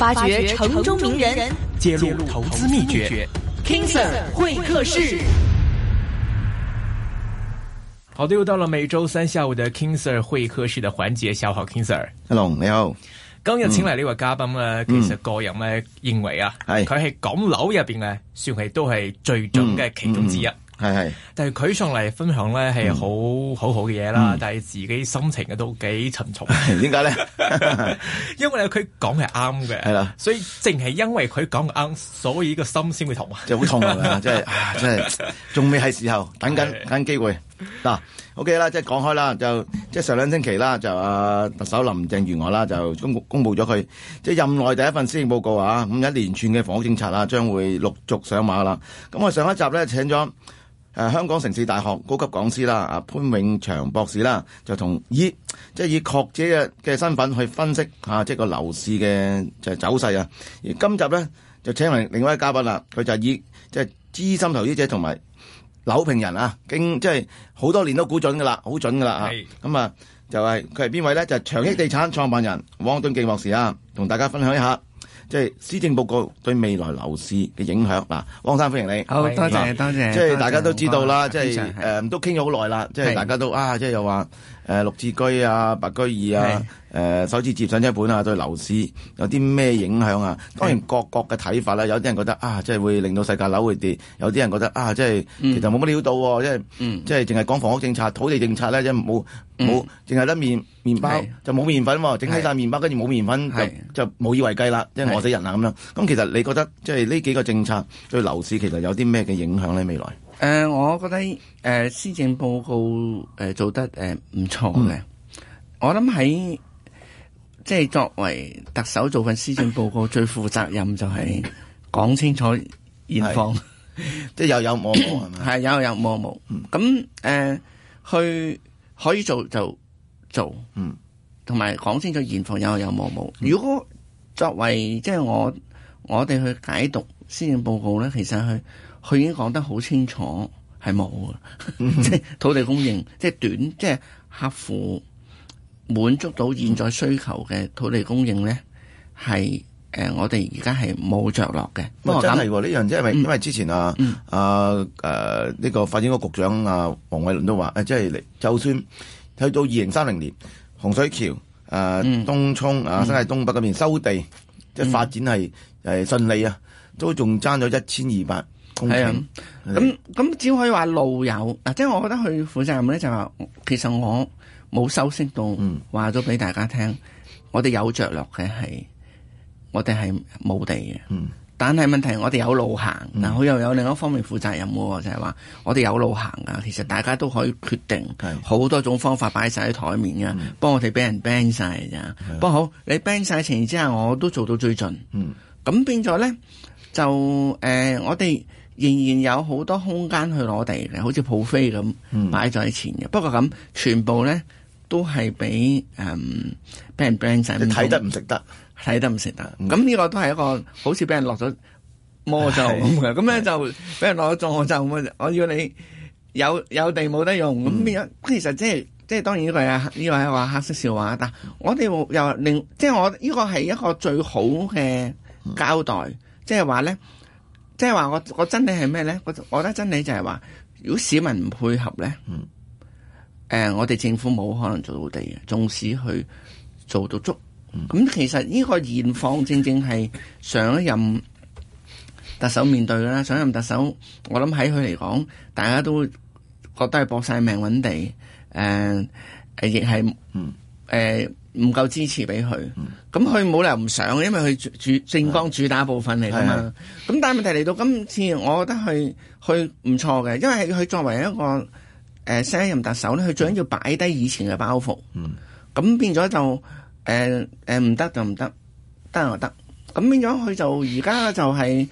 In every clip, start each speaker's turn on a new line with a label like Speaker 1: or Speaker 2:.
Speaker 1: 發
Speaker 2: 掘城中名人，揭露投資秘
Speaker 1: 訣。King Sir 會客室，
Speaker 2: 好的，又到了每周三下午的 King Sir 會客室的環節小，下午好，King Sir。Hello，你好，今日請嚟呢位嘉賓呢、啊，嗯、其實個人呢，認為啊，佢喺講樓入邊呢，嗯、算係都係最準嘅其中之一。嗯嗯嗯係係，是是但係佢上嚟分享咧，係、嗯、好好好嘅嘢啦。嗯、但係自己心情嘅都幾沉重。點解咧？ 因為佢講係啱嘅，係啦的。所以淨係因為佢講啱，所以個心先會痛。就好痛 啊！真係，真係，
Speaker 3: 仲未係時候，等緊的等緊機會嗱、啊。OK 啦，即係講開啦，就即係上兩星期啦，就啊特首林鄭月娥啦，就公公佈咗佢即係任內第一份施政報告啊。咁一連串嘅房屋政策啊，將會陸續上馬啦。咁我上一集咧，請咗。誒、啊、香港城市大學高級講師啦，啊潘永祥博士啦、啊，就同以即係以學者嘅嘅身份去分析嚇、啊，即係個樓市嘅就走勢啊。而今集咧就請嚟另外一位嘉賓啦，佢、啊、就係以即係資深投資者同埋樓評人啊，經即係好多年都估準㗎啦，好準㗎啦嚇。咁啊就係佢係邊位咧？就是就是、祥益地產創辦人汪敦敬博士啊，同大家分享一下。即係施政報告對未來樓市嘅影響嗱，汪生，歡迎你。好多謝多謝。即係大家都知道啦，即係誒、啊、都傾咗好耐啦，即係大家都啊，即係又話誒、呃、綠置居啊、白居二啊。誒、呃，首次接上一本啊，對樓市有啲咩影響啊？當然，各國嘅睇法啦、啊，有啲人覺得啊，即係會令到世界樓會跌；有啲人覺得啊，即係其實冇乜料到喎，即係即係淨係講房屋政策、土地政策咧，即冇冇淨係得麵麵包，是就冇麵粉喎、啊，整起曬麵包跟住冇麵粉，是就冇以為繼啦，即係是是餓死人啊咁樣。咁是其實你覺得即係呢幾個政策對樓市其實有啲咩嘅影響咧？未來
Speaker 4: 誒、呃，我覺得誒施政報告誒做得誒唔、呃、錯嘅、嗯。我諗喺即係作為特首做份施政報告，唉最負責任就係講清楚現況是， 即係又有冇冇係咪？係又 有冇冇。咁誒、嗯呃、去可以做就做，同埋、嗯、講清楚現況又有冇冇。如果作為即係我我哋去解讀施政報告咧，其實佢佢已經講得好清楚，係冇嘅， 即係土地供應，即係短，即係客戶。滿足到現在需求嘅土地供應咧，係誒、呃，我哋而家係冇着落嘅。唔係真係
Speaker 3: 喎，呢樣即係因為因為之前、嗯、啊啊誒呢、呢個發展局局長啊黃偉倫都話誒，即係就算去到二零三零年洪水橋啊東涌啊新界東北嗰邊收地，嗯嗯、即係發展係
Speaker 4: 係順利啊，都仲爭咗一千二百公頃。咁咁只要可以話路有嗱，即係我覺得佢負責任咧，就話、是、其實我。冇收息到，話咗俾大家聽，我哋有着落嘅係，我哋係冇地嘅，但係問題我哋有路行，嗱，佢又有另一方面負責任喎，就係話我哋有路行噶，其實大家都可以決定，好多種方法擺晒喺台面嘅，幫我哋俾人 ban 曬咋。不過好，你 ban 曬前之下，我都做到最盡，咁變咗咧就誒，我哋仍然有好多空間去攞地嘅，好似鋪飛咁擺在前嘅，不過咁全部咧。都係俾誒俾人 ban 晒，你睇得唔食得，睇、嗯、得唔食得。咁呢、嗯、個都係一個好似俾人落咗魔咒咁嘅。咁咧是是 就俾人落咗魔咒就，是是我要你有有，有地冇得用。咁樣、嗯、其實即係即係當然呢個係呢個係話位黑色笑話。但我哋又另即係我呢個係一個最好嘅交代，即係話咧，即係話我我真理係咩咧？我我覺得真理就係話，如果市民唔配合咧。嗯誒、呃，我哋政府冇可能做到地嘅，縱使佢做到足，咁、嗯、其實呢個現況正正係上一任特首面對啦。上任特首，我諗喺佢嚟講，大家都覺得係搏晒命搵地，誒誒亦係誒唔夠支持俾佢。咁佢冇理由唔上，因為佢主政綱主打部分嚟噶嘛。咁但係問題嚟到今次，我覺得佢，佢唔錯嘅，因為佢作為一個。誒新任特首咧，佢最緊要擺低以前嘅包袱，咁、嗯、變咗就誒誒唔得就唔得，得又得，咁變咗佢就而家就係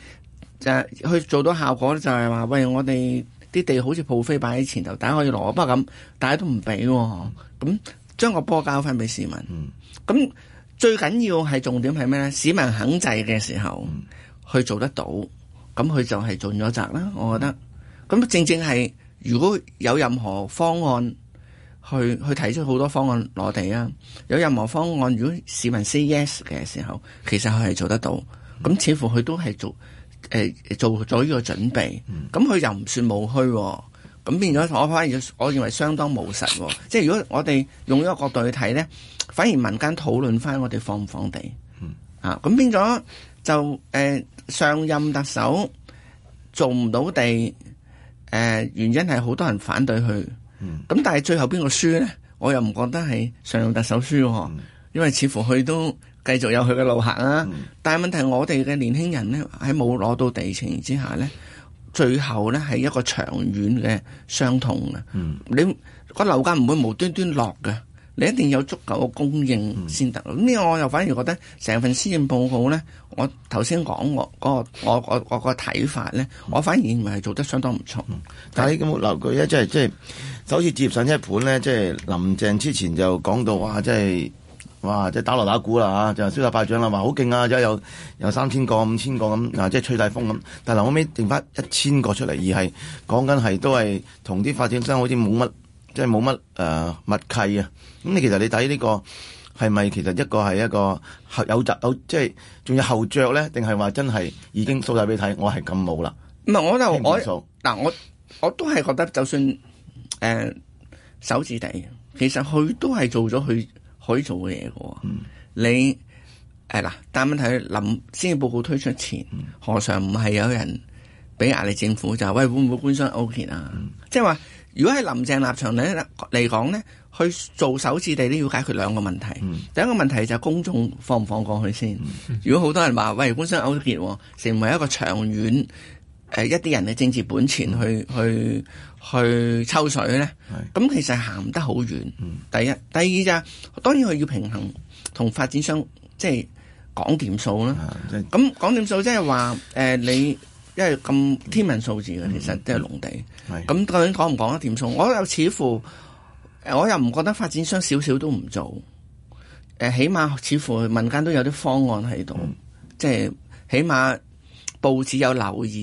Speaker 4: 就係去做到效果就係、是、話喂，我哋啲地好似鋪飛擺喺前頭，大家可以攞不過咁，大家都唔俾，咁將個波交翻俾市民，咁、嗯嗯、最緊要係重點係咩咧？市民肯制嘅時候去做得到，咁佢就係盡咗責啦，我覺得，咁、嗯嗯、正正係。如果有任何方案去去提出好多方案攞地啊，有任何方案，如果市民 say yes 嘅時候，其實佢係做得到，咁似乎佢都係做誒、呃、做咗呢個準備，咁佢又唔算冇虛、哦，咁變咗我反而，我認為相當務實、哦，即係如果我哋用一個角度去睇咧，反而民間討論翻我哋放唔放地，啊，咁變咗就誒、呃、上任特首做唔到地。誒、呃、原因係好多人反對佢，咁、嗯、但係最後邊個輸呢？我又唔覺得係上任特首輸喎，嗯、因為似乎佢都繼續有佢嘅路行啦、啊。嗯、但係問題我哋嘅年輕人咧，喺冇攞到地情之下呢，最後呢係一個長遠嘅傷痛。嘅、嗯。你、嗰個樓價唔會無端端落嘅。你一定要有足夠嘅供應先得，呢、嗯、個我又反而覺得成份施政報告咧，我頭先講我嗰我我我個睇法咧，我反而認為係做得相當唔錯、嗯。
Speaker 3: 但係咁落句咧，即係即係，首次似接上一盤咧，即係林鄭之前就講到話，即係哇，即係打鑼打鼓啦嚇，就燒、是、大巴掌啦，話好勁啊，而家、就是、有有三千個、五千個咁啊，即、就、係、是、吹大風咁，但係臨尾剩翻一千個出嚟，而係講緊係都係同啲發展商好似冇乜。即係冇乜誒默契啊！咁、嗯、你其實你睇呢、這個係咪其實一個係一個後有集有即係仲有後着咧？
Speaker 4: 定係話真係已經掃曬俾你睇，我係咁冇啦。唔係我就我嗱，我我都係覺得，就算誒、呃、手指地，其實佢都係做咗佢可以做嘅嘢嘅喎。嗯、你誒嗱，但問題林先報告推出前，嗯、何嘗唔係有人俾壓力政府就喂會唔會官商勾結啊？嗯、即係話。如果喺林鄭立場咧，嚟講咧，去做首次地都要解決兩個問題。嗯、第一個問題就係公眾放唔放過去先。嗯嗯，如果好多人話喂，官商勾結，成為一個長遠誒、呃、一啲人嘅政治本錢去、嗯、去去，去抽水咧，咁是其實行得好遠。嗯、第一，第二就係、當然佢要平衡同發展商，即係講掂數啦。咁講、嗯嗯嗯、掂數即係話誒你。因為咁天文數字嘅，嗯、其實都係農地。咁究竟講唔講得掂數我又似乎，我又唔覺得發展商少少都唔做。誒、呃，起碼似乎民間都有啲方案喺度，即係、嗯、起碼報紙有留言，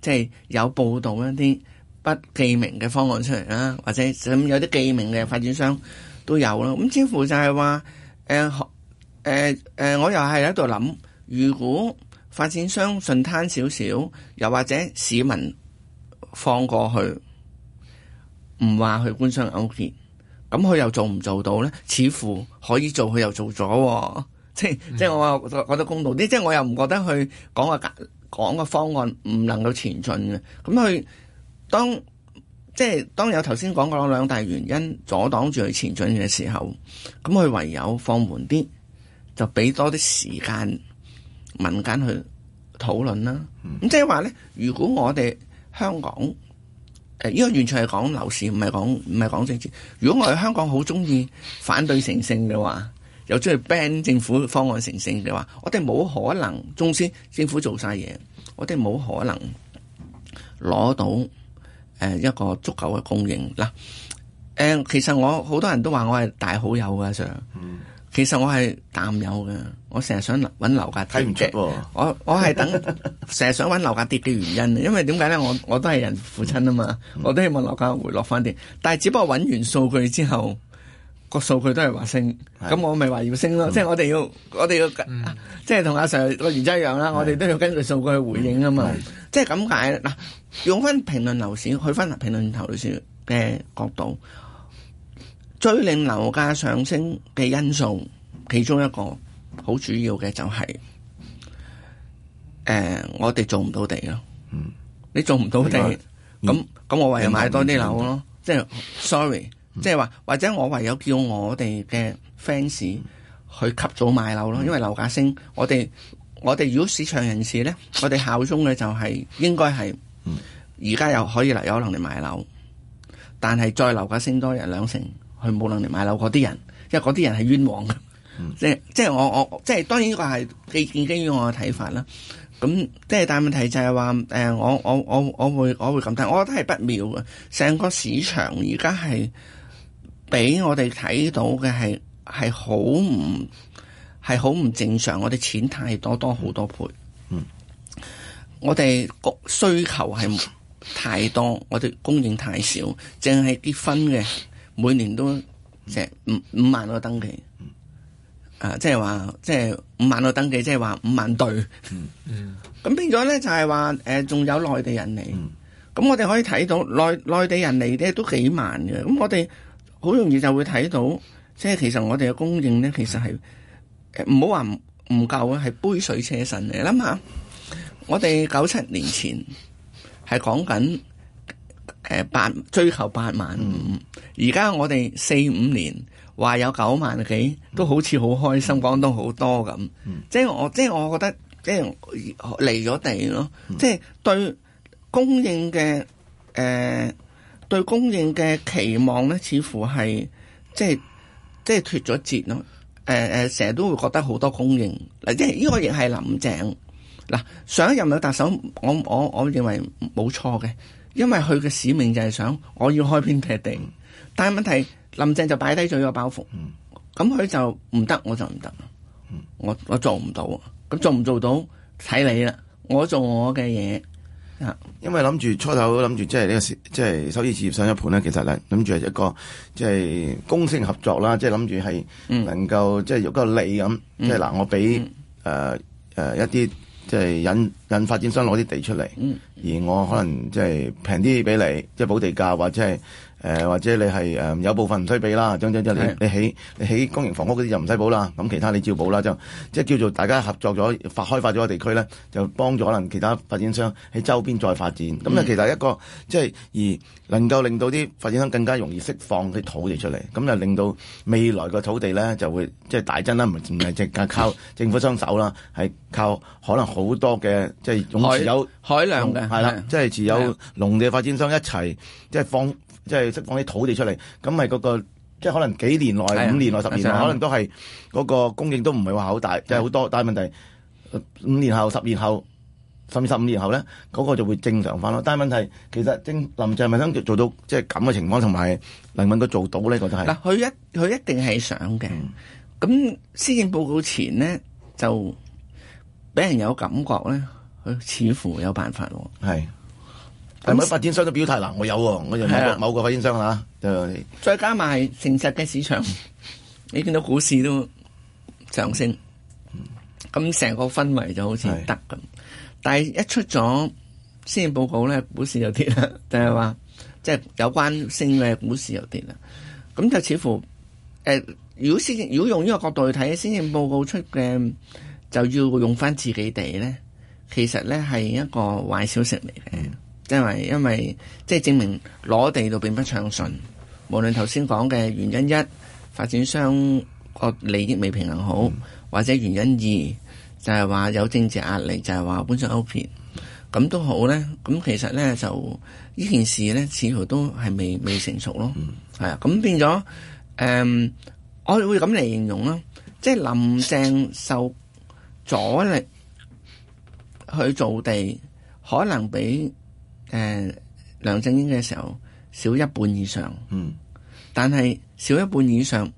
Speaker 4: 即、就、係、是、有報道一啲不記名嘅方案出嚟啦，或者有啲記名嘅發展商都有咯。咁似乎就係話，誒、呃，誒、呃，誒、呃呃，我又係喺度諗，如果。發展商順攤少少，又或者市民放過去，唔話去官商勾結，咁佢又做唔做到呢？似乎可以做，佢又做咗、哦，即、嗯、即我，我覺得公道啲。即我又唔覺得佢講個講個方案唔能夠前進嘅。咁佢當即係當有頭先講過兩大原因阻擋住佢前進嘅時候，咁佢唯有放緩啲，就俾多啲時間。民間去討論啦，咁即係話咧，如果我哋香港誒，呢、呃、個完全係講樓市，唔係講唔係講政治。如果我哋香港好中意反對成性嘅話，又中意 ban 政府方案成性嘅話，我哋冇可能，總之政府做晒嘢，我哋冇可能攞到誒、呃、一個足夠嘅供應嗱。誒、呃，其實我好多人都話我係大好友嘅 Sir，其實我係淡友嘅。我成日想揾樓價跌，睇唔出。我我係等，成日想揾樓價跌嘅原因。因為點解咧？我我都係人父親啊嘛，我都希望樓價回落翻啲。但係只不過揾完數據之後，個數據都係話升，咁我咪話要升咯。的即係我哋要，我哋要，嗯、即係同阿 Sir 個原則一樣啦。的我哋都要根據數據回回去回應啊嘛。即係咁解。嗱，用翻評論樓市，去翻評論頭先嘅角度，最令樓價上升嘅因素，其中一個。好主要嘅就係、是，誒、呃，我哋做唔到地咯。嗯，你做唔到地，咁咁我唯有買多啲樓咯。即係，sorry，即係話，或者我唯有叫我哋嘅 fans 去及早買樓咯。因為樓價升，我哋我哋如果市場人士咧，我哋效忠嘅就係、是、應該係，而家又可以嚟有能力買樓，但係再樓價升多一兩成，佢冇能力買樓嗰啲人，因為嗰啲人係冤枉嘅。嗯、即即係我我即係當然呢個係建基於我嘅睇法啦。咁即係但係問題就係話誒，我我我我會我會咁睇，我覺得係不妙嘅。成個市場而家係俾我哋睇到嘅，係係好唔係好唔正常。我哋錢太多多好多倍，嗯，我哋嘅需求係太多，我哋供應太少，淨係結婚嘅每年都成五、嗯、五萬個登記。啊，即係話，即係五萬個登記，即係話五萬對。嗯、呃、嗯。咁變咗咧，就係話，誒，仲有內地人嚟。咁我哋可以睇到內內地人嚟咧都幾萬嘅。咁、嗯、我哋好容易就會睇到，即、就、係、是、其實我哋嘅供應咧，其實係誒唔好話唔唔夠啊，係、嗯、杯水車薪嚟啦嘛，諗下，我哋九七年前係講緊誒八追求八萬五、嗯，而家我哋四五年。話有九萬幾，都好似好開心，廣東好多咁，嗯、即係我，即係我覺得，即係離咗地咯，嗯、即係對供應嘅，誒、呃，對供應嘅期望咧，似乎係即係即係脫咗節咯，誒、呃、誒，成日都會覺得好多供應，嗱，即係呢個亦係林鄭，嗱，上一任嘅特首，我我我，我認為冇錯嘅，因為佢嘅使命就係想，我要開天闢地，地，嗯、但係問題。林鄭就擺低咗個包袱，咁佢、嗯嗯、就唔得，我就唔得，我、嗯、我做唔到，咁做唔做到睇你啦，我做我嘅嘢。因為諗住初頭諗住即係呢個即係
Speaker 3: 首置上車盤咧，其實咧諗住係一個即係、就是、公私合作啦，即係諗住係能夠、就是嗯、即係有個利咁，即係嗱我俾誒誒一啲即係引引發展商攞啲地出嚟，嗯嗯、而我可能即係平啲俾你，即係補地價或者係、就是。誒、呃、或者你係誒、呃、有部分唔需俾啦，將將將你的你起你起公營房屋嗰啲就唔使補啦。咁其他你照補啦，就即係叫做大家合作咗發開發咗個地區咧，就幫咗可能其他發展商喺周邊再發展。咁啊、嗯，就其實一個即係、就是、而能夠令到啲發展商更加容易釋放啲土地出嚟，咁就令到未來個土地咧就會即係、就是、大增啦。唔係淨係，即靠政府雙手啦，係 靠可能好多嘅即係擁有海量嘅係啦，即係、就是、持有農地嘅發展商一齊即係放。即係釋放啲土地出嚟，咁係嗰個即係、就是、可能幾年內、五的年內、十年內，的可能都係嗰個供應都唔係話好大，即係好多。的但係問題五年後、十年後，甚至十五年後咧，嗰、那個就會正常翻咯。但係問題其實政林鄭民生
Speaker 4: 做做到即係咁嘅情況，同埋能唔能夠做到呢嗰就係嗱，佢一佢一定係想嘅。咁施政報告前咧，就俾人有感覺咧，佢似乎有辦法喎。係。係咪發展商都表態啦？我有喎、啊，我由某個的某個發展商吓、啊、再加埋成實嘅市場， 你見到股市都上升，咁成 個氛圍就好似得咁。是的 但係一出咗施政報告咧，股市又跌啦，就係話即係有關升嘅股市又跌啦。咁就似乎誒、呃，如果先如果用呢個角度去睇，施政報告出嘅就要用翻自己哋咧，其實咧係一個壞消息嚟嘅。 因為因為即係證明攞地度並不暢順，無論頭先講嘅原因一，發展商個利益未平衡好，嗯、或者原因二就係、是、話有政治壓力，就係、是、話本身勾結，咁都好咧。咁其實咧就呢件事咧，似乎都係未未成熟咯。係啊、嗯，咁變咗誒、嗯，我哋會咁嚟形容咯，即、就、係、是、林鄭受阻力去做地，可能比誒，梁振英嘅時候少一半以上，嗯，但係少一半以上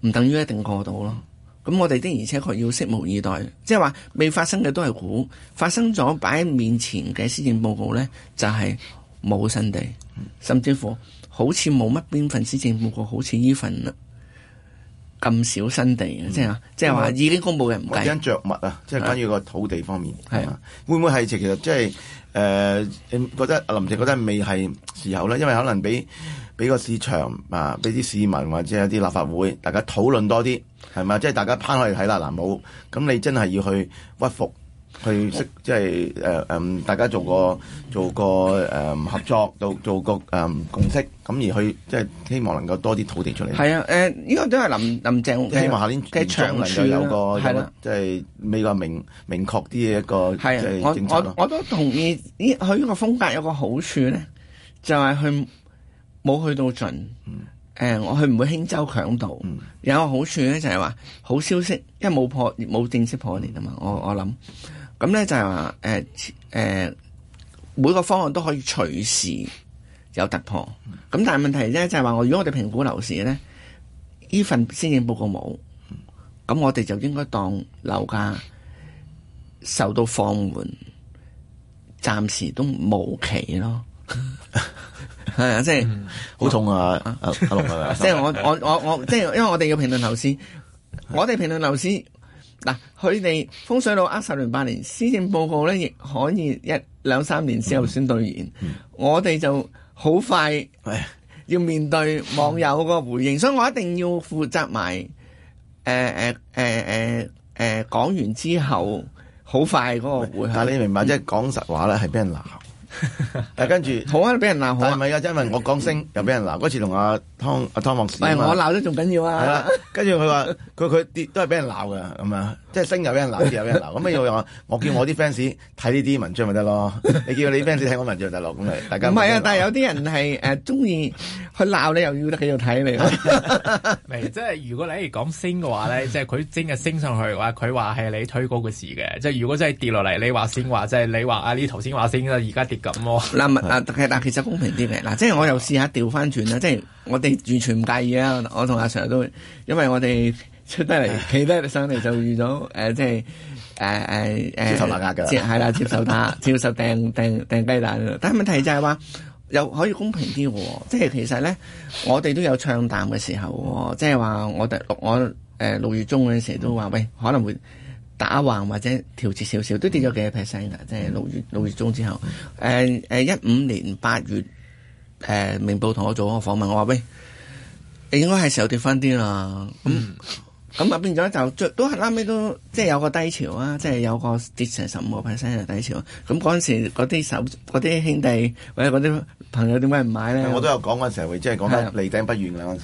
Speaker 4: 唔等於一定過到咯。咁我哋的而且確要拭目以待，即係話未發生嘅都係估，發生咗擺喺面前嘅施政報告咧，就係、是、冇新地，甚至乎好似冇乜邊份施政報告，好似呢份咁少新地嘅，即係即係話
Speaker 3: 已經公布嘅唔計。點樣着物啊？即、就、係、是、關於個土地方面，係啊，啊，會唔會係其實即係？誒、呃，你覺得林鄭覺得未係時候咧？因為可能俾俾個市場啊，俾啲市民或者有啲立法會大家討論多啲，係咪？即係大家拋開嚟睇啦，嗱、啊、冇，咁你真係要去屈服？去識即係誒誒，大家做個做個誒合作，到做個誒共識，咁而去即係希望能夠多啲土地出嚟。係啊，
Speaker 4: 誒、這、呢個都係林林鄭希望下年嘅長線又有個即
Speaker 3: 係比較明明確啲嘅一個。係、啊，我一一我我，
Speaker 4: 我，我都同意，依佢呢個風格有個好處咧，就係佢冇去到盡。誒、嗯嗯，我佢唔會輕舟強渡。嗯、有個好處咧，就係、是、話好消息，因為冇破冇正式破例啊嘛。我我諗。我咁咧就係話，誒誒，每個方案都可以隨時有突破。咁但係問題咧就係話，我如果我哋評估樓市咧，呢份先正報告冇，咁我哋就應該當樓價受到放緩，暫時都無期咯。係啊，即係好痛啊！阿阿龍啊，即係我我我我即係，因為我哋要評論樓市，我哋評論樓市。嗱，佢哋風水佬呃十年八年，施政報告咧亦可以一兩三年之後先兌現。嗯、我哋就好快要面對網友個回應，嗯、所以我一定要負責埋誒誒誒誒誒講完之後好快嗰個回應。但你明白即係講實話咧，係俾人鬧。誒， 跟住著 好啊，俾人鬧，好係
Speaker 3: 唔係啊？因為我講升又俾人鬧，嗰 次同阿湯阿湯博士、哎、我
Speaker 4: 鬧得仲緊要啊。係 啦，
Speaker 3: 跟住佢話佢佢跌都係俾人鬧噶，咁啊，即係升又俾人鬧，跌又俾人鬧。咁所以我叫我啲 fans 睇呢啲文章咪得咯， 你叫你啲 fans 睇我文章就得咯，咁咪大家。唔係啊，但係有啲人
Speaker 4: 係誒中意佢鬧你又要得佢要睇你。
Speaker 2: 咪 即係如果你如講升嘅話咧，即係佢真係升上去話，話佢話係你推高嘅事嘅，即、就、係、是、如果真係跌落嚟，你話先話，即、就、係、是、你話啊呢頭先話先啦，而家跌。咁嗱，啊，
Speaker 4: 但係但其實公平啲嘅嗱，即係我又試下調翻轉啦， 即係我哋完全唔介意啊！我同阿常都，因為我哋出得嚟企得上嚟就遇到，誒、呃，即係誒誒誒，呃、接受大家嘅，接啦，接受打，接受掟掟掟雞蛋。但係問題就係話，又可以公平啲喎，即係其實咧，我哋都有唱淡嘅時候喎，即係話我哋六我誒六月中嘅時候都話喂，可能會。打橫或者調節少少，都跌咗幾 percent 啦，即係六月六月中之後，誒誒一五年八月，誒、呃、明報同我做個訪問，我話喂，應該係時候跌翻啲啦，咁咁啊變咗就都係拉尾都即係有個低潮啊，即係有個跌成十五個 percent 嘅低潮，咁嗰陣時嗰啲手嗰啲兄弟或者嗰啲。朋友點解唔買咧？我都有
Speaker 3: 講過成日會即係講得離頂不遠啦。嗰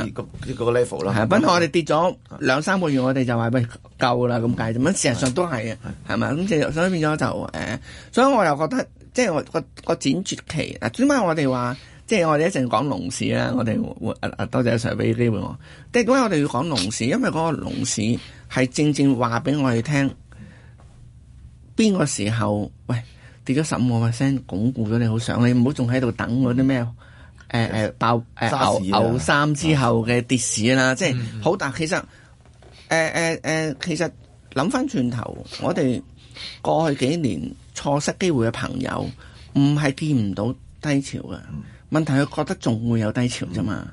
Speaker 3: 陣時個 level 咯。斌哥，我
Speaker 4: 哋跌咗兩三個月，我哋就話喂，夠啦咁解咁咁事實上都係啊，係嘛？咁事所以變咗就誒、欸，所以我又覺得即係我個個展絕期嗱。最、啊、尾我哋話，即係我哋一陣講龍市啦。我哋誒、啊啊、多謝阿 Sir 俾機會我。點解我哋要講龍市？因為嗰個龍市係正正話俾我哋聽邊個時候喂？跌咗十五個 percent，鞏固咗你好想，你唔好仲喺度等嗰啲咩？誒、呃、誒爆誒、呃、牛牛三之後嘅跌市啦，即係好大。其實誒誒誒，其實諗翻轉頭，我哋過去幾年錯失機會嘅朋友，唔係見唔到低潮㗎？嗯、問題佢覺得仲會有低潮啫嘛，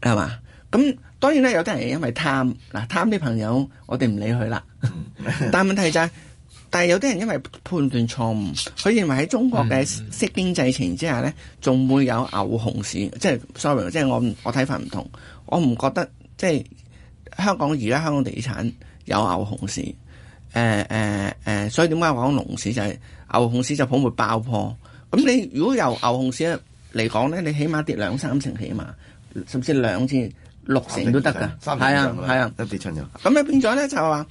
Speaker 4: 係嘛、嗯？咁當然咧，有啲人因為貪，嗱貪啲朋友，我哋唔理佢啦。但問題就係。但係有啲人因為判斷錯誤，佢認為喺中國嘅息經濟情之下咧，仲會有牛熊市。即係 sorry，即係我我睇法唔同。我唔覺得即係香港而家香港地產有牛熊市。誒誒誒，所以點解我講熊市就係牛熊市就可能會爆破。咁你如果由牛熊市嚟講咧，你起碼跌兩三成起碼，甚至兩至六成都得㗎。三成，係啊，係啊，一跌親。咁你變咗咧就係話，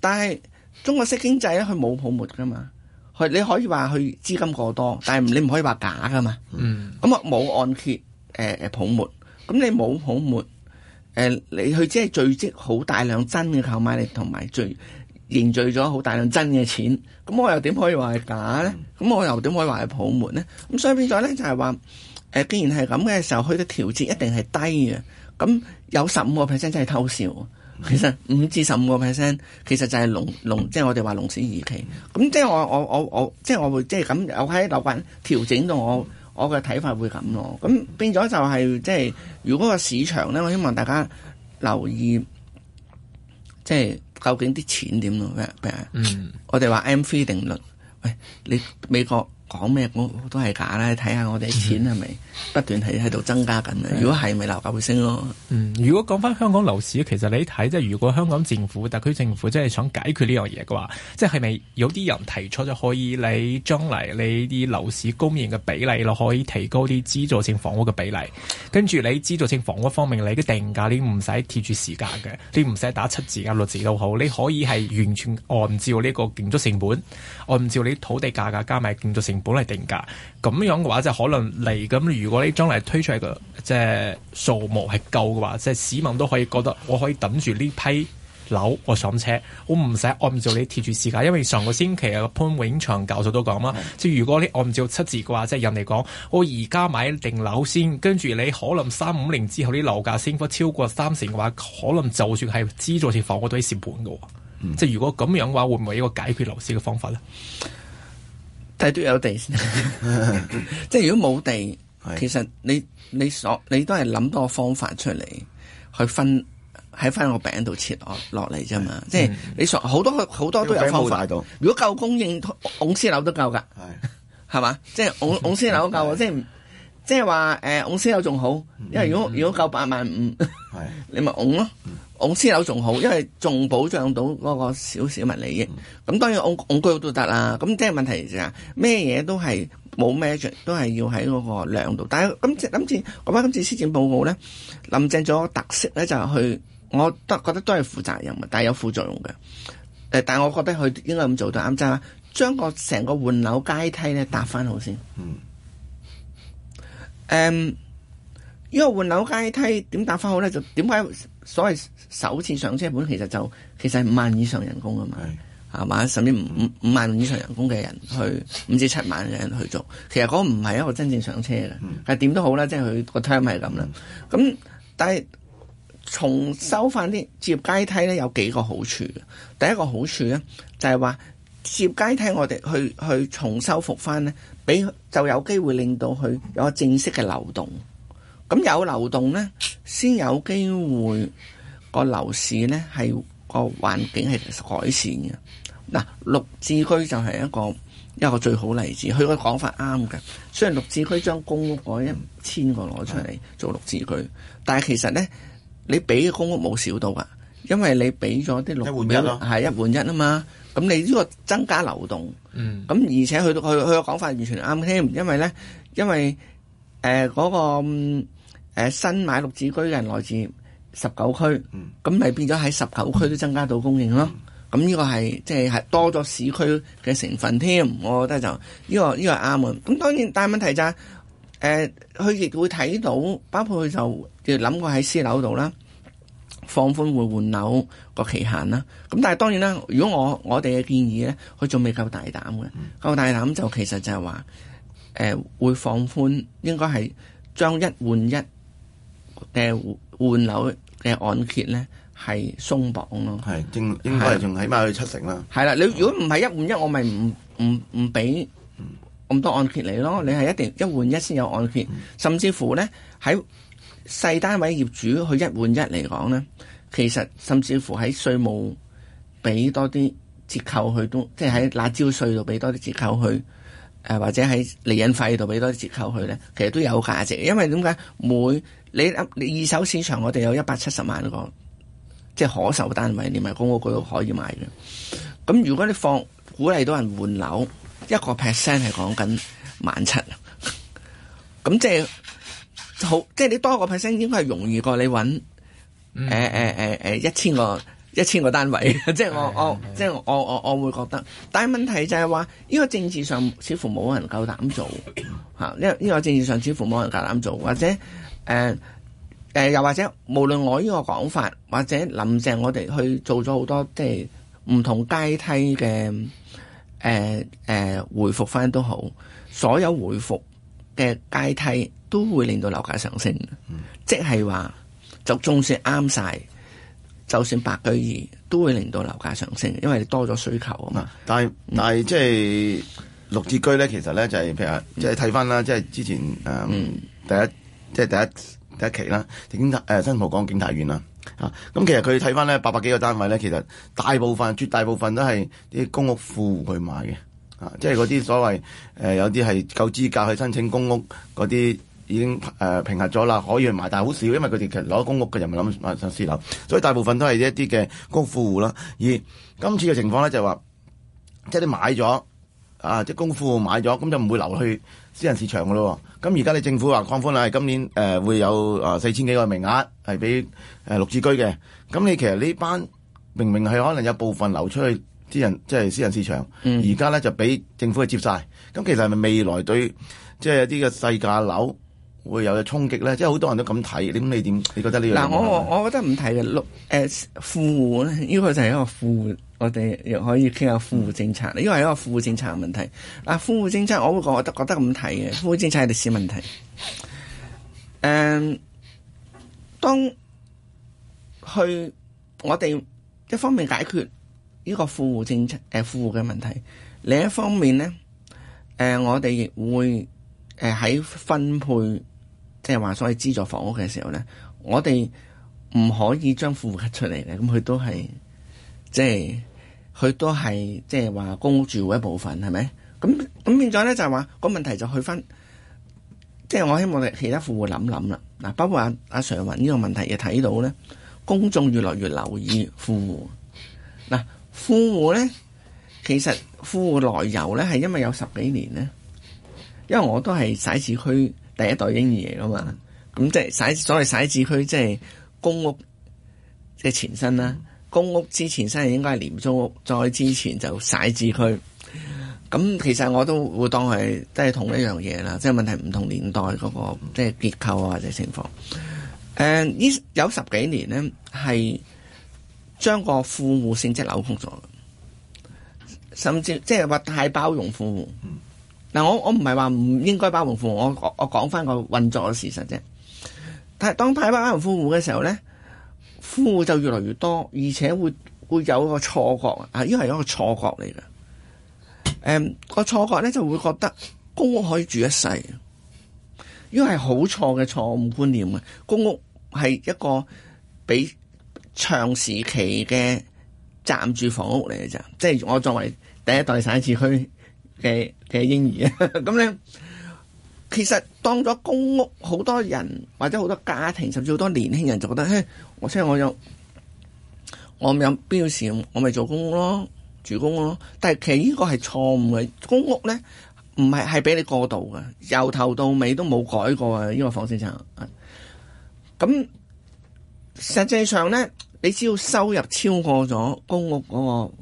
Speaker 4: 但係。中國式經濟咧，佢冇泡沫噶嘛，佢你可以話佢資金過多，但係你唔可以話假噶嘛。咁啊冇按揭誒誒、呃、泡沫，咁你冇泡沫，誒、呃、你去即係聚積好大量真嘅購買力，同埋聚凝聚咗好大量真嘅錢。咁我又點可以話係假咧？咁、嗯、我又點可以話係泡沫咧？咁所以變咗咧，就係話誒，既然係咁嘅時候，佢嘅調節一定係低嘅。咁有十五個 percent 真係偷笑。其實五至十五個 percent，其實就係龍龍，即係、就是、我哋話龍市二期。咁即係我我我我，即係我,、就是、我會即係咁，我喺樓板調整到我我嘅睇法會咁咯。咁變咗就係即係，如果個市場咧，我希望大家留意，即、就、係、是、究竟啲錢點咯？譬如嗯，我哋話 M three 定律，喂，你美國。講咩都係假啦，睇下我哋啲錢係咪不，
Speaker 2: 不斷喺喺度增加緊啊？嗯、如果係，咪樓價會升咯。嗯，如果講翻香港樓市，其實你睇即係如果香港政府、特區政府真係想解決呢樣嘢嘅話，即係咪有啲人提出咗可以你將嚟你啲樓市供應嘅比例咯，可以提高啲資助性房屋嘅比例。跟住你資助性房屋方面，你嘅定價你唔使貼住市價嘅，你唔使打七字啊六字都好，你可以係完全按照呢個建築成本，按照你土地價格加埋建築成本。本嚟定價咁樣嘅話，就可能嚟咁。如果你將嚟推出嘅即係數目係夠嘅話，即係市民都可以覺得我可以等住呢批樓我上車，我唔使按照你貼住市價。因為上個星期啊潘永祥教授都講啦，即係如果你按照七字嘅話，即係人嚟講，我而家買定樓先，跟住你可能三五年之後啲樓價升幅超過三成嘅話，可能就算係資助性房我都蝕本嘅。嗯、即係如果咁樣嘅話，會唔會一個解決樓市嘅方法咧？但都有地， 即係
Speaker 4: 如果冇地，其實你你所你都係諗多個方法出嚟，去分喺翻個餅度切落落嚟啫嘛。即係你所好多好多都有方法， 如果夠供應，推私樓都夠噶，係嘛？ 即係推私樓都夠，即係即係話誒，推私樓仲好，因為如果 如果夠八萬五 是，你咪推咯。按私樓仲好，因為仲保障到嗰個少少物利益。咁、嗯、當然按按居屋都得啦。咁即係問題就係咩嘢都係冇咩嘢，都係要喺嗰個量度。但係今次住我，、就是、我覺得今次施政報告咧，林鄭做嘅特色咧就係去，我都覺得都係負責任嘅，但係有副作用嘅。誒，但係我覺得佢應該咁做到。啱，即係將個成個換樓階梯咧搭翻好先。嗯。誒，um, 因為換樓階梯點搭翻好咧，就點解？所謂首次上車本其實就其實係五萬以上人工啊嘛，啊或者甚至五五五萬以上人工嘅人去五至七萬嘅人去做，其實嗰個唔係一個真正上車嘅，係點是都好啦，即係佢個 time 係咁啦。咁但係重修翻啲置業階梯咧，有幾個好處嘅。第一個好處咧就係話置業階梯我，我哋去去重修復翻咧，俾就有機會令到佢有個正式嘅流動。咁有流動咧，先有機會個樓市咧係個環境係改善嘅。嗱、啊，綠置居就係一個一個最好例子。佢個講法啱嘅。雖然綠置居將公屋嗰一、嗯、千個攞出嚟做綠置居，但係其實咧，你俾公屋冇少到啊，因為你俾咗啲六一，係一換一啊嘛。咁你呢個增加流動，嗯，咁而且佢佢佢個講法完全啱添，因為咧，因為誒嗰、呃嗰個。誒新買綠置居嘅人來自十九區，咁咪、嗯、變咗喺十九區都增加到供應咯。咁呢、嗯、個係即係係多咗市區嘅成分添，我覺得就呢、呢個呢、呢個啱啊。咁當然，但係問題就係、是、誒，佢、呃、亦會睇到，包括佢就嘅諗過喺私樓度啦，放寬會換樓個期限啦。咁但係當然啦，如果我我哋嘅建議咧，佢仲未夠大膽嘅，嗯、夠大膽就其實就係話誒會放寬，應該係將一換一。嘅換樓嘅按揭咧，係鬆綁咯，係應應該係仲起碼去七成啦。係啦，你如果唔係一換一，我咪唔唔唔俾咁多按揭你咯。你係一定一換一先有按揭，甚至乎咧喺細單位業主去一換一嚟講咧，其實甚至乎喺稅務俾多啲折扣去，都即係喺辣招稅度俾多啲折扣去，誒或者喺釐印費度俾多啲折扣去咧，其實都有價值，因為點解每你你二手市場我哋有一百七十萬個即係可售單位，你咪公，公屋嗰度可以買嘅。咁如果你放鼓勵到人換樓一個 percent 係講緊萬七，咁 即係好，即係你多個 percent 應該係容易過你揾誒誒誒一千個一千個單位， 即係我是是是即我即係我我我會覺得。但係問題就係話，呢個政治上似乎冇人夠膽做嚇，因為呢個政治上似乎冇人夠膽做，或者。誒誒，又、呃呃呃、或者無論我呢個講法，或者林鄭我哋去做咗好多，即係唔同階梯嘅誒誒，回復翻都好，所有回復嘅階梯都會令到樓價上升。嗯、即係話，就仲算啱晒，就算白居易都會令到樓價上升，因為多咗需求啊嘛。但係、嗯、但係，但即係
Speaker 3: 六字居咧，其實咧就係、是、譬如話即係睇翻啦，即係、嗯、之前誒、嗯嗯、第一。即係第一第一期啦，景泰誒新蒲崗景泰苑啦，啊咁、嗯、其實佢睇翻呢八百幾個單位咧，其實大部分絕大部分都係啲公屋富戶去買嘅，啊即係嗰啲所謂誒、呃、有啲係夠資格去申請公屋嗰啲已經誒評核咗啦，可以去買，但係好少，因為佢哋其實攞公屋嘅人咪諗住上私樓，所以大部分都係一啲嘅公屋富戶啦。而今次嘅情況咧就話、是，即係你買咗啊，啲公屋富戶買咗，咁就唔會流去。私人市場嘅咯，咁而家你政府話擴寬，係今年誒、呃、會有啊四千幾個名額係俾誒綠置居嘅，咁你其實呢班明明係可能有部分流出去啲人，即係私人市場，而家咧就俾政府去接晒。咁其實係咪未來對即係有啲嘅細價樓會有嘅衝擊咧？即係好多人都咁睇，咁你點？你覺得呢樣？嗱、啊，我
Speaker 4: 我覺得唔睇嘅，綠誒富戶呢？呢個就係一個富。我哋亦可以傾下富戶政策，呢個係一個富戶政策嘅問題。啊，富戶政策我會講，我都覺得咁睇嘅。富戶政策係歷史問題。誒、嗯，當去我哋一方面解決呢個富戶政策，富戶嘅問題，另一方面咧，誒、呃、我哋亦會誒喺分配，即係話所謂資助房屋嘅時候咧，我哋唔可以將富戶出嚟咧，咁佢都係即係。佢都係即係話公屋住戶一部分係咪？咁咁變咗咧就係、是、話、這個問題就去翻，即、就、係、是、我希望你其他富戶諗諗啦。嗱，包括阿阿常雲呢個問題亦睇到咧，公眾越來越留意富戶。嗱、啊，富戶咧其實富戶來由咧係因為有十幾年咧，因為我都係徙置區第一代嬰兒嚟噶嘛，咁即係徙所謂徙置區即係公屋即係前身啦。公屋之前，生日應該係廉租屋，再之前就徙置區。咁其實我都會當係即係同一樣嘢啦，即係問題唔同年代嗰個即係結構啊或者情況。誒，依有十幾年呢，係將個富戶性質扭曲咗，甚至即係話太包容富戶。嗱，我我唔係話唔應該包容富戶，我我講翻個運作嘅事實啫。但係當太包容富戶嘅時候咧，呼，就越嚟越多，而且會會有一個錯覺啊！呢係一個錯覺嚟嘅，誒、嗯、個錯覺咧就會覺得公屋可以住一世，呢係好錯嘅錯誤觀念嘅，公屋係一個比長時期嘅暫住房屋嚟嘅咋。即係我作為第一代省次區嘅嘅嬰兒咁咧。 其實當咗公屋，好多人或者好多家庭甚至好多年輕人就覺得，誒，我即係我有，我有標示，我咪做公屋咯，住公屋咯。但係其實呢個係錯誤嘅，公屋呢，唔係係俾你過渡嘅，由頭到尾都冇改過嘅呢、呢個房先生，咁、嗯、實際上呢，你只要收入超過咗公屋嗰個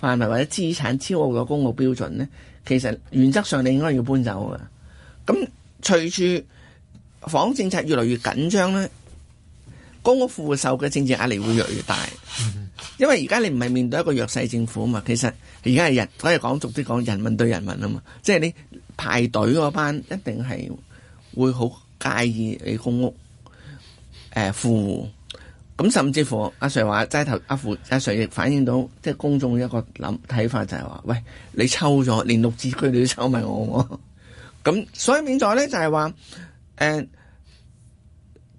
Speaker 4: 範圍或者資產超過咗公屋標準呢，其實原則上你應該要搬走嘅。咁隨住房政策越嚟越緊張咧，公屋富戶嘅政治壓力會越嚟越大。因為而家你唔係面對一個弱勢政府啊嘛，其實而家係人，可以講逐啲講人民對人民啊嘛，即係你排隊嗰班一定係會好介意你公屋誒富戶咁，甚至乎阿 Sir 話齋頭阿阿 Sir 亦反映到，即係公眾一個諗睇法就係、是、話，喂，你抽咗連綠置居你都抽埋、就是、我。我咁所以變咗咧，就係話誒，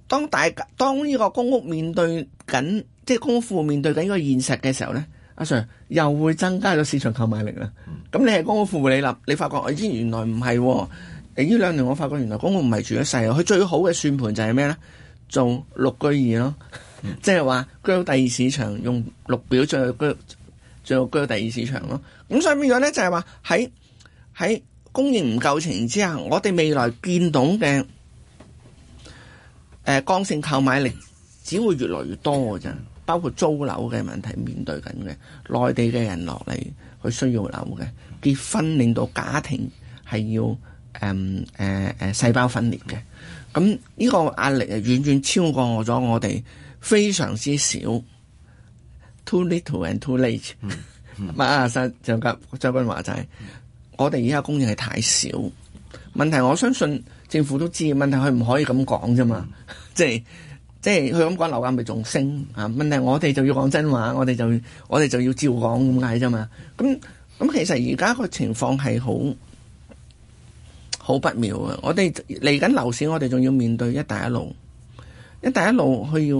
Speaker 4: 當大當呢個公屋面對緊，即係公屋戶面對緊呢個現實嘅時候咧，阿、啊、Sir 又會增加咗市場購買力啦。咁、嗯、你係公屋庫理立，你發覺我知、哎、原來唔係喎。呢兩年我發覺原來公屋唔係住一世，佢最好嘅算盤就係咩咧？做六居二咯，嗯、即係話居到第二市場用綠表做居做居第二市場咯。咁所以變咗咧，就係話喺喺。供應唔夠，夠情之下我哋未來見到嘅誒剛性購買力只會越嚟越多嘅啫。包括租樓嘅問題，面對緊嘅內地嘅人落嚟，佢需要樓嘅結婚令到家庭係要誒誒誒細胞分裂嘅。咁、嗯、呢、嗯、個壓力係遠遠超過咗我哋非常之少，too little and too late、嗯。嗯、 馬亞生就咁再番話就係我哋而家供應係太少，問題我相信政府都知。問題佢唔可以咁講啫嘛，即係即係佢咁講樓價咪仲升啊？問題我哋就要講真話，我哋就我哋就要照講咁解啫嘛。咁咁其實而家個情況係好好不妙啊！我哋嚟緊樓市，我哋仲要面對一帶一路，一帶一路佢要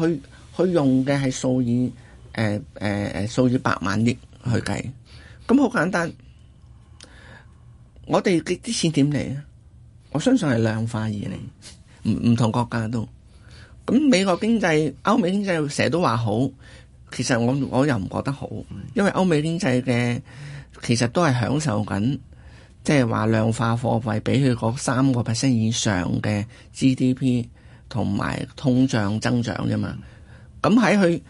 Speaker 4: 佢佢用嘅係數以誒誒誒、數以百萬億去計，咁好簡單。我哋啲啲錢點嚟啊？我相信係量化而嚟，唔唔同國家都咁。美國經濟、歐美經濟成日都話好，其實我我又唔覺得好，因為歐美經濟嘅其實都係享受緊，即係話量化貨幣俾佢嗰三個 percent 以上嘅 GDP 同埋通脹增長啫嘛。咁喺佢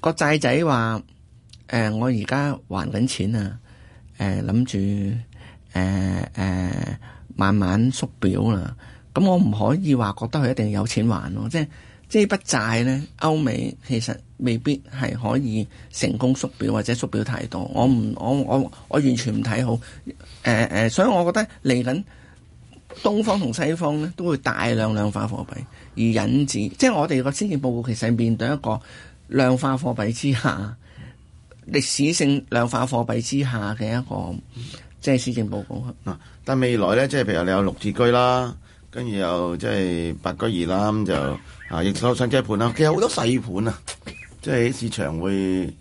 Speaker 4: 個債仔話，誒、呃，我而家還緊錢啊，誒、呃，諗住。誒誒、呃呃，慢慢縮表啦。咁我唔可以話覺得佢一定有錢還咯。即係即係一筆債咧，歐美其實未必係可以成功縮表或者縮表太多。我唔我我我完全唔睇好。誒、呃、誒，所以我覺得嚟緊東方同西方咧都會大量量化貨幣，而引致即係我哋個經濟報告其實面對一個量化貨幣之下，歷史性量化貨幣之下嘅一個。即係施政報告嗱，
Speaker 3: 但係未來咧，即係譬如你有六字居啦，跟住又即係白居二啦，咁就啊，亦都上車盤啦，其實好多細盤啊，即係喺市場會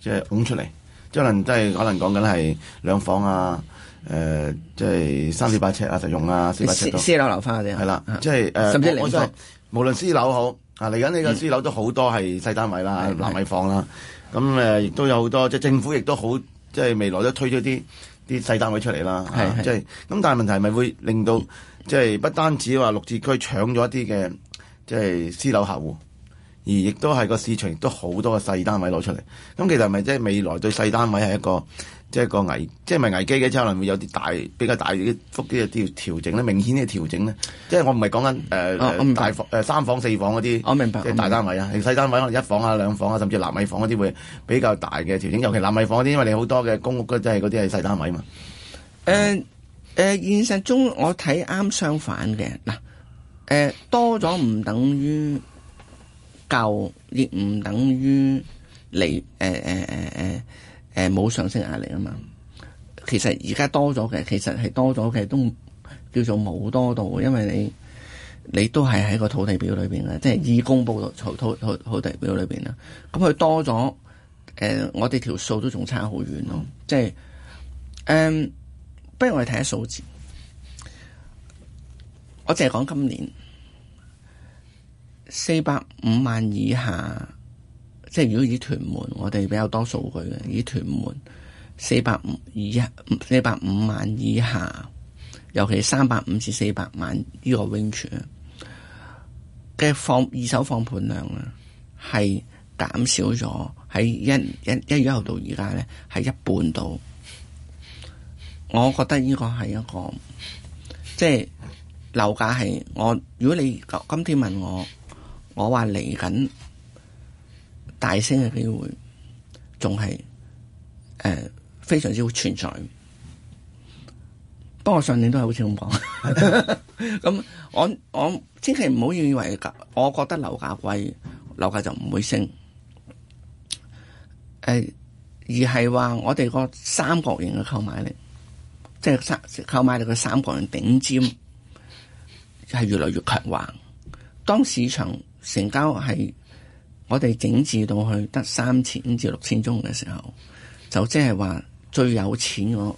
Speaker 3: 即係拱出嚟，即可能即係可能講緊係兩房啊，誒、呃，即係三四百尺啊，實用啊，四百尺都私樓樓花嗰啲啊，係啦，即係誒，呃、甚至零租，無論私樓好啊，嚟緊呢個私樓都好多係細單位啦，納米房啦，咁誒亦都有好多，即係政府亦都好，即係未來都推咗啲。啲細單位出嚟啦，即係咁，啊、係但係問題係咪會令到即係、即係、不單止話綠字區搶咗一啲嘅即係私樓客戶，而亦都係個市場都好多個細單位攞出嚟，咁其實係咪即係未來對細單位係一個。即係個危，即係咪危機嘅，即可能會有啲大比較大啲幅啲嘅啲調整咧，明顯嘅調整咧。即係我唔係講緊誒大房誒、呃、三房四房嗰啲，即係大單位啊，連細單位可能一房啊、兩房啊，甚至納米房嗰啲會比較大嘅調整。尤其納米房嗰啲，因為你好多嘅公屋嗰啲係嗰啲係細單位嘛。
Speaker 4: 誒、嗯、誒、呃呃，現實中我睇啱相反嘅嗱，誒、呃、多咗唔等於夠，亦唔等於離誒誒誒誒。呃呃呃呃誒冇上升壓力啊嘛，其實而家多咗嘅，其實係多咗嘅，都叫做冇多到，因為你你都係喺個土地表裏邊啦，即係已公布到土土土地表裏邊啦。咁佢多咗，誒、呃、我哋條數都仲差好遠咯，即係誒、呃，不如我哋睇下數字，我淨係講今年四百五萬以下。即係如果以屯門，我哋比較多數據嘅，以屯門四百五以四百五萬以下，尤其三百五至四百萬呢個 range 嘅放二手放盤量啊，係減少咗喺一一一月一號到而家咧，係一半度。我覺得呢個係一個即係樓價係我如果你今日問我，我話嚟緊。大升嘅機會仲係誒非常之存在，不過上年都係好似咁講，咁、 嗯、我我千祈唔好以為，我覺得樓價貴，樓價就唔會升，誒、呃、而係話我哋個三角形嘅購買力，即係三購買力嘅三角形頂尖係越來越強橫，當市場成交係。我哋整治到去得三千至六千宗嘅時候，就即係話最有錢嗰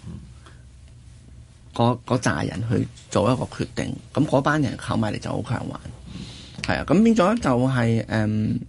Speaker 4: 個嗰扎人去做一個決定，咁嗰班人購買力就好強環，係啊。咁變咗就係、是、誒、呢、嗯，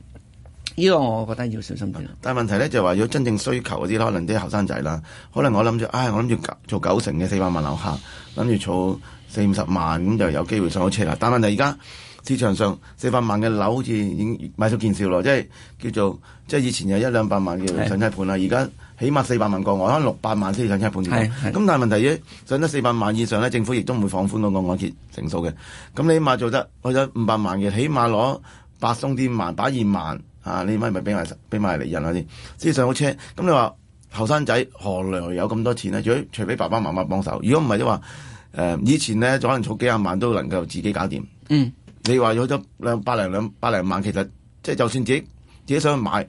Speaker 4: 這個我覺得要小心啲。但係問題咧就話、是、要真
Speaker 3: 正需求嗰啲，可能啲
Speaker 4: 後生仔啦，可能我諗住，唉，我諗住做九
Speaker 3: 成嘅四百萬樓下，諗住做四五十萬，咁就有機會上到車啦。但係問題而家。市場上四百萬嘅樓好似已經買咗見少咯，即係叫做即係以前有一兩百萬嘅上車盤啦，而家是的 起碼四百萬過外，可能六百萬先上車盤。咁但係問題嘅上得四百萬以上咧，政府亦都唔會放寬到個按揭成數嘅。咁你起碼做得去咗五百萬嘅，起碼攞百幾萬、百二萬啊，你咪咪俾埋俾埋厘印落先，先上到車。咁你話後生仔何來有咁多錢咧？除除俾爸爸媽媽幫手，如果唔係都話誒、呃，以前咧就可能儲幾廿萬都能夠自己搞掂。嗯。你話有咗兩百零兩百零萬，其實即係就算自己自己想去買，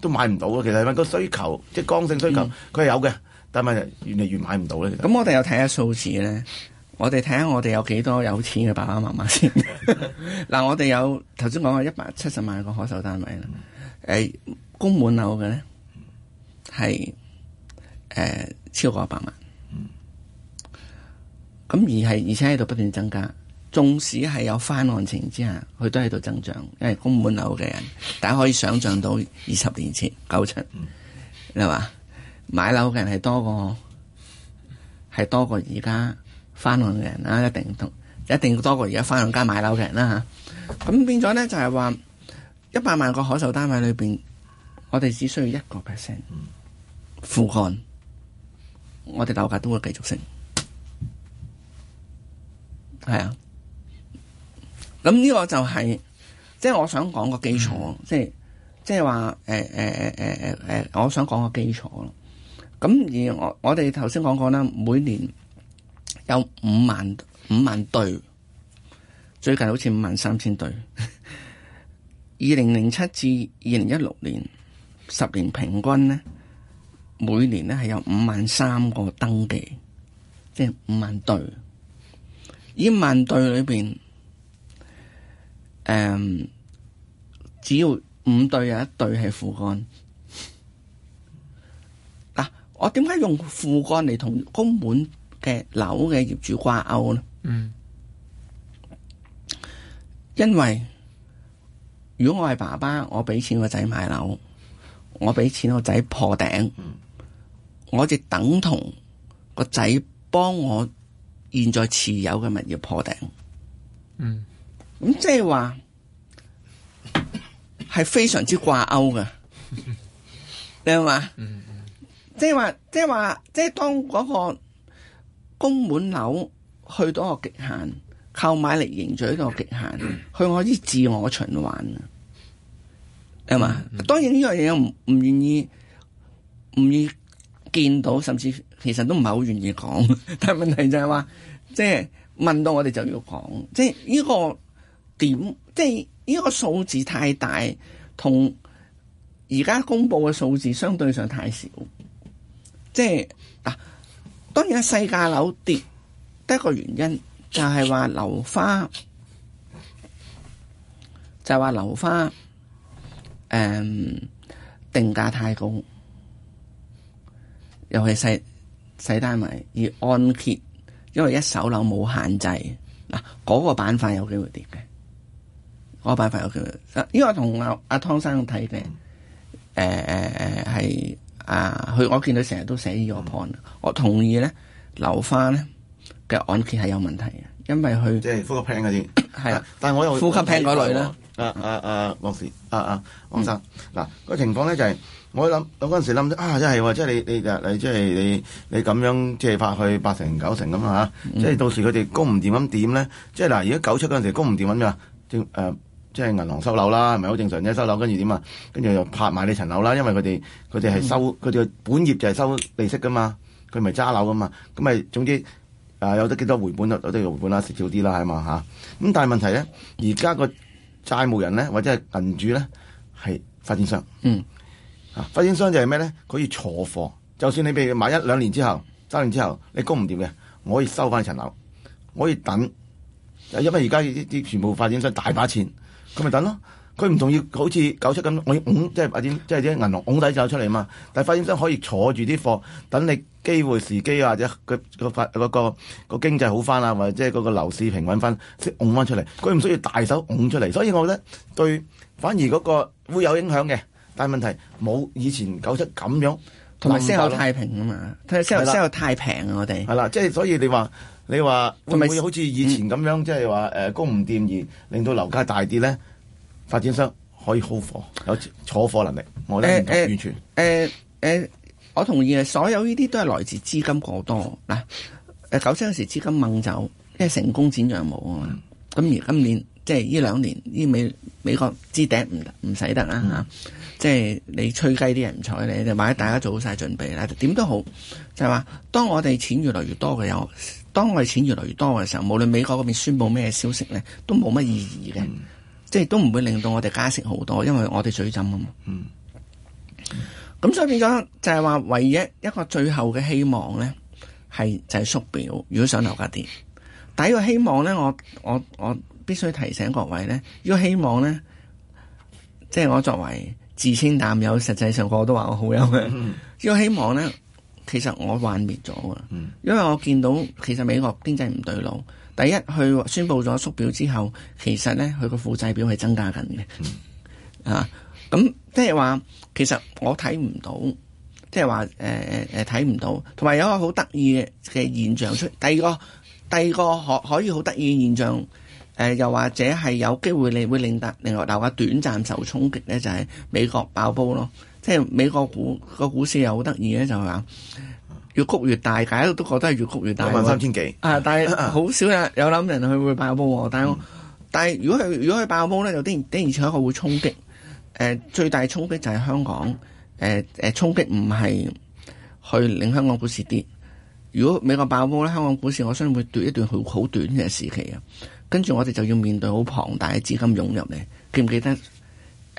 Speaker 3: 都買唔到嘅。其實係咪個需求即係剛性需求，佢係、嗯、有嘅，但係越嚟越買唔到咧。咁、
Speaker 4: 嗯、我哋又睇下數字咧，我哋睇下我哋有幾多有錢嘅爸爸媽媽先。嗱， 我哋有頭先講嘅一百七十萬個可售單位啦，誒、嗯呃，供滿樓嘅咧係誒超過一百萬，咁、嗯嗯、而係而且喺度不斷增加。縱使係有翻案情之下，佢都喺度增長，因為供滿樓嘅人。大家可以想象到二十年前、九七、嗯，係嘛，買樓嘅人係多過係多過而家翻案嘅人啦，一定同一定多過而家翻案加買樓嘅人啦嚇。咁、啊、變咗咧就係話一百萬個可售單位裏邊，我哋只需要一個 percent 覆蓋，我哋樓價都會繼續升。係啊。咁呢個就係、是，即係我想講個基礎，嗯、即係即係話，誒誒誒誒誒誒，我想講個基礎咯。咁而我我哋頭先講過啦，每年有五萬五萬對，最近好似五萬三千對。二零零七至二零一六年十年平均咧，每年咧係有五萬三個登記，即係五萬對。呢萬對裏邊。誒，um, 只要五對有一對係父幹，嗱、啊，我點解用父幹嚟同供滿嘅樓嘅業主掛鈎咧？嗯，因為如果我係爸爸，我俾錢個仔買樓，我俾錢個仔破頂，我就等同個仔幫我現在持有嘅物業破頂。嗯。咁即係話係非常之掛鈎嘅，明嘛？ 即係話，即係話，即係當嗰個供滿樓去到個極限，購買力凝聚到個極限，佢可以自我循環啊，明嘛？ 當然呢樣嘢，我唔唔願意，唔願見到，甚至其實都唔係好願意講。但係問題就係話，即係問到我哋就要講，即係呢個。點即係呢個數字太大，同而家公布嘅數字相對上太少。即係嗱、啊，當然細價樓跌，得一個原因就係話樓花就話、是、樓花誒、嗯、定價太高，尤其是細單位而按揭，id, 因為一手樓冇限制嗱，嗰、啊那個板塊有機會跌嘅。我辦法有佢，因為我同阿阿湯生睇病，誒誒誒係啊，佢、啊呃啊、我見到成日都寫呢個 point，、嗯、我同意咧留翻咧嘅按揭係有問題嘅，因為佢即係呼吸 plan 嗰啲，係啊，但係我又呼吸 plan 嗰類咧，
Speaker 3: 啊啊啊，博士，啊啊，王生，嗱、嗯啊嗰個情況咧就係我諗，我嗰陣時諗啊，、嗯、啊，即係喎，即係你你你即係你你咁樣借法去八成九成咁啊嚇，即係到時佢哋供唔掂咁點咧？即係嗱，如果九七嗰陣時供唔掂咁啊，誒。即係銀行收樓啦，係咪好正常啫？收樓跟住點啊？跟住又拍賣你層樓啦，因為佢哋佢哋係收佢哋、嗯、本業就係收利息噶嘛，佢咪揸樓噶嘛，咁咪總之啊、呃、有得幾多回本就有得回本啦，食少啲啦係嘛嚇。咁、啊、但係問題咧，而家個債務人咧或者係銀主咧係發展商，嗯啊發展商就係咩咧？佢可以坐貨，就算你譬如買一兩年之後，三年之後你供唔掂嘅，我可以收翻層樓，我可以等，因為而家啲啲全部發展商大把錢。佢咪等咯？佢唔同意好似九七咁，我要拱，即係發展，即係啲銀行拱底走出嚟嘛。但係發展商可以坐住啲貨，等你機會時機或者、嗰個、嗰個發嗰、嗰個、嗰個經濟好翻啊，或者即係嗰個樓市平穩翻，先拱翻出嚟。佢唔需要大手拱出嚟，所以我覺得對，反而嗰個會有影響嘅。但係問題冇以前九七咁樣咁大，同埋銷售太平啊嘛，睇下銷售
Speaker 4: 太平啊了了，我哋
Speaker 3: 係啦，即係、即係、所以你話。你話會唔會好似以前咁樣，即係話誒供唔掂而令到
Speaker 4: 樓價大跌咧？發展商可以 hold 貨，有坐貨能力，我哋、欸欸、完全誒誒、欸欸。我同意啊，所有呢啲都係來自資金過多嗱。誒、啊、九七嗰時資金掹走，即係成功剪羊毛。啊嘛。咁而今年即係呢兩年呢，美美國支笛唔唔使得啦嚇，啊嗯、即係你吹雞啲人唔睬你，就萬一大家做好晒準備啦，點都好就係話，當我哋錢越來越多嘅有。當我哋錢越嚟越多嘅時候，無論美國嗰邊宣佈咩消息呢，都冇乜意義嘅，嗯、即係都唔會令到我哋加息好多，因為我哋水浸啊嘛。咁、嗯嗯、所以變咗就係話，唯一一個最後嘅希望呢，係就係縮表。如果想留價跌，第一呢個希望呢，我我我必須提醒各位咧，呢個希望呢，即係我作為自稱淡友，實際上我都話我好有嘅。呢、嗯、個希望呢。其實我幻滅咗啊，因為我見到其實美國經濟唔對路。第一，佢宣布咗縮表之後，其實咧佢個負債表係增加緊嘅。嗯、啊，咁即係話，其實我睇唔到，即係話誒誒誒睇唔到。同埋有一個好得意嘅現象出，第二個第二個可可以好得意嘅現象，誒、呃、又或者係有機會你會令到另外大家短暫受衝擊咧，就係、是、美國爆煲咯。即係美國股個股市又好得意咧，就係、是、話越谷越大，大家都覺得係越谷越大。萬三千幾 啊！但係好少人有諗人佢會爆煲。但係，但係如果係如果佢爆煲咧，啲的的而且確會衝擊。誒、呃，最大衝擊就係香港。誒、呃、誒，衝擊唔係去令香港股市跌。如果美國爆煲咧，香港股市我相信會短一段好好短嘅時期啊。跟住我哋就要面對好龐大嘅資金湧入嚟。記唔記得？誒，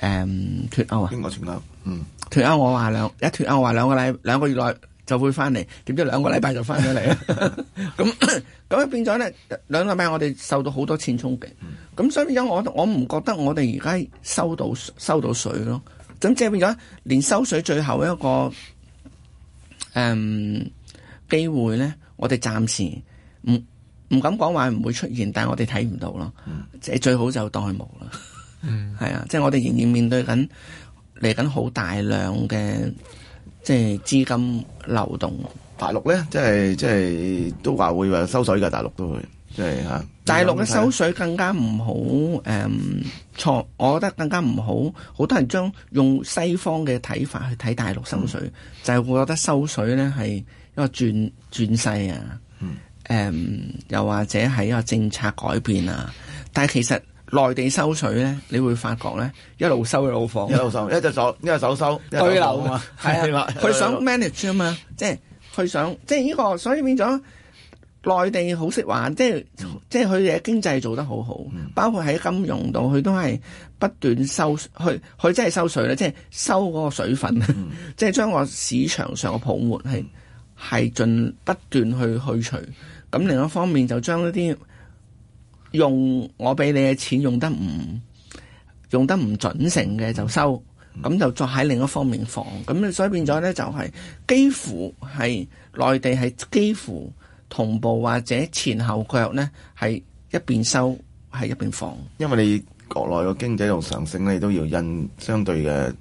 Speaker 4: 脫歐、um, 啊？邊個脫歐？嗯，脫歐我話兩一脫歐話兩個禮兩個月內就會翻嚟，點知兩個禮拜就翻咗嚟。咁咁啊變咗咧，兩個禮拜我哋受到好多錢衝擊，咁、嗯、所以變咗我我唔覺得我哋而家收到收到水咯，咁即係變咗連收水最後一個誒機、嗯、會咧，我哋暫時唔唔敢講話唔會出現，但係我哋睇唔到咯，即係、嗯、最好就當佢冇啦。嗯，係啊，即係我哋仍然面對緊嚟緊好大量嘅即係資金流動。
Speaker 3: 大陸咧，即係即係都話會話收水㗎，大陸都會即係吓。大陸嘅收
Speaker 4: 水更加唔好誒、嗯，錯，我覺得更加唔好。好多人將用西方嘅睇法去睇大陸收水，嗯、就係會覺得收水咧係一個轉轉勢啊，誒、嗯嗯，又或者係一個政策改變啊。但係其實內地收水咧，你會發覺咧，一路收一路放， 一路收一隻手 一隻手收堆樓啊，係啊，佢 想 manage 啊嘛，即係佢想即係呢、呢個，所以變咗內地好識玩，即係即係佢哋嘅經濟做得好好，嗯、包括喺金融度，佢都係不斷收，佢佢真係收水，咧，即係收嗰個水分，嗯、 即係將個市場上嘅泡沫係係盡不斷去去除。咁另一方面就將一啲。用我俾你嘅錢用得唔用得唔準成嘅就收，咁就再喺另一方面放。咁咧所以變咗呢，就係幾乎係內地係幾乎同步或者前後腳呢係一邊收係一邊放，因為你。
Speaker 3: 國內個經濟仲上升咧，都要印相對嘅，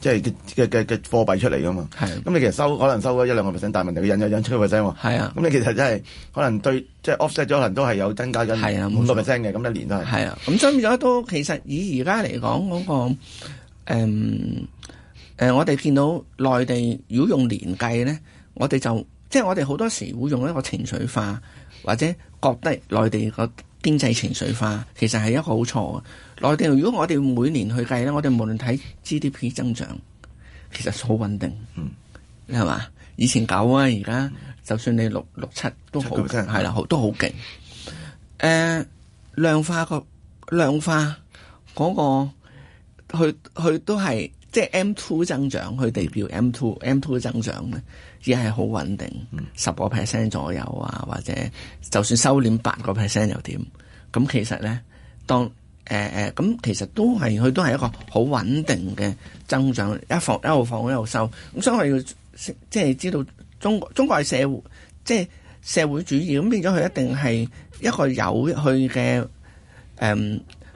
Speaker 3: 即係嘅嘅嘅貨幣出嚟噶嘛。係啊。咁你其實收可能收咗一兩個 percent，但係問題佢印又印出個 percent 喎。係啊。咁你其實真係
Speaker 4: 可能對即係 offset 咗，可能都係有增加咗好多 percent 嘅。咁一年都係。係啊。咁所以而家都其實以而家嚟講嗰個誒我哋見到內地如果用年計咧，我哋就即係我哋好多時會用一個情緒化或者覺得內地個。經濟情緒化其實係一個好錯嘅內地。如果我哋每年去計咧，我哋無論睇 GDP 增長，其實好穩定。嗯，係嘛？以前九啊，而家就算你六六七都好，係啦，都好勁。誒、呃，量化個量化嗰、嗰個，佢佢都係即係 M two 增長，佢哋叫 M two M two 增長咧。只係好穩定，十個 percent 左右啊，或者就算收斂八個 percent 又點？咁其實咧，當誒誒，咁、呃、其實都係佢都係一個好穩定嘅增長，一放一路放一路收。咁所以我要即係、就是、知道中國中國係社會，即、就、係、是、社會主義，咁變咗佢一定係一個有去嘅誒、呃，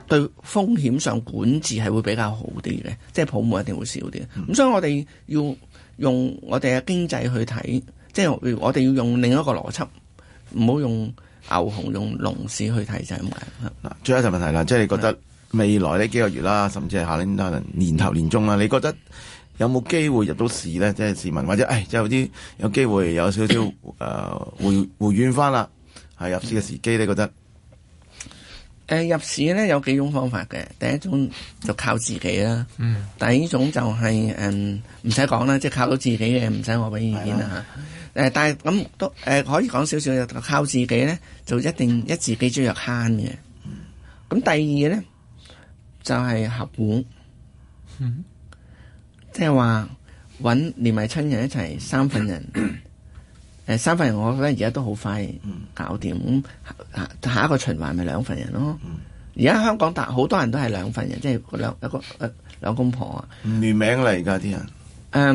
Speaker 4: 對風險上管治係會比較好啲嘅，即、就、係、是、泡沫一定會少啲。咁所以我哋要。用我哋嘅經濟去睇，即係我哋要用另一個邏輯，唔好用牛熊用龍市去睇就係咁解。嗱，
Speaker 3: 最後一個問題啦，即係你覺得未來呢幾個月啦，甚至係下年年頭年中啦，你覺得有冇機會入到市呢？即係市民或者即誒有啲有機會有少少誒回回軟
Speaker 4: 翻啦，係入市嘅時機 你覺得？誒、呃，入市咧有幾種方法嘅，第一種就靠自己啦，嗯，但係呢種就係誒唔使講啦，即係靠到自己嘅，唔使我俾意見啦吓，誒、嗯呃，但係咁、嗯、都誒、呃、可以講少少，就靠自己咧，就一定一自己最入慳嘅，咁、嗯嗯、第二咧就係、是、合股，嗯、即係話搵連埋親人一齊三份人。嗯誒三份人，我覺得而家都好快搞掂，嗯。下一個循環咪兩份人咯。而家、嗯、香港大好多人都係兩份人，即係兩一個誒兩公婆啊。唔聯、嗯、名嚟而家啲人。誒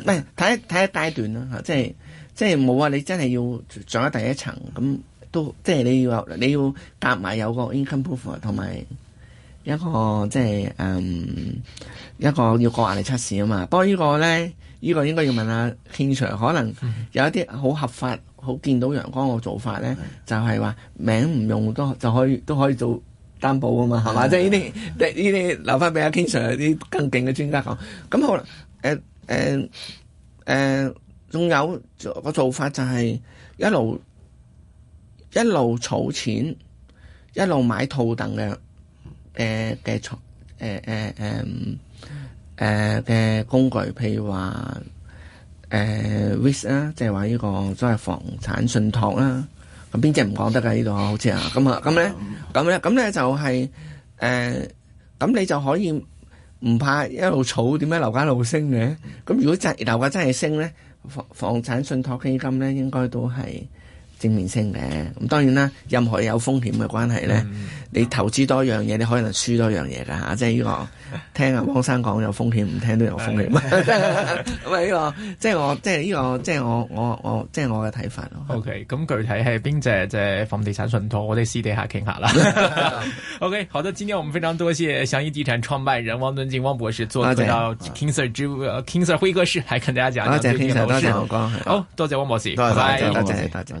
Speaker 4: 唔係睇睇一段啦嚇，即係即係冇啊！你真係要上咗第一層咁都即係你要有你要搭埋有個 income buffer 同埋一個即係誒、嗯、一個要過壓力測試啊嘛。不過呢個咧。呢個應該要問下 King Sir 可能有一啲好合法、好見到陽光嘅做法咧，是的 就係話名唔用都就可以都可以做擔保啊嘛，係嘛？即係呢啲依啲留翻俾阿 King Sir 啲更勁嘅專家講。咁好啦，誒誒誒，仲、呃呃呃、有個做法就係一路一路儲錢，一路買套凳嘅，誒嘅儲，誒誒誒。呃呃呃呃呃呃呃誒嘅工具，譬如話誒 REIT 啦，即係話呢個所謂房產信託啦。咁邊隻唔講得㗎？呢度好似啊，咁啊，咁咧，咁咧，咁咧就係誒，咁你就可以唔怕一路儲。點解樓價一路升嘅？咁如果真樓價真係升咧，房房產信託基金咧應該都係正面升嘅。咁當然啦，任何有風險嘅關係咧。你投資多樣嘢，你可能輸多樣嘢噶嚇，即係呢個聽阿汪生講，有風險，唔聽都有風險。
Speaker 2: 喂，呢個，即係我，即係呢個，即係我，我，我，即係我嘅睇法咯。OK，咁具體係邊隻即係房地產信託，我哋私底下傾下啦。OK，好，咁今天我們非常多謝祥益地產創辦人汪敦敬汪博士做客到 King Sir 之 King Sir 會客室，來跟大家講講最近樓市。好，多謝汪博士，拜拜，多謝，多謝。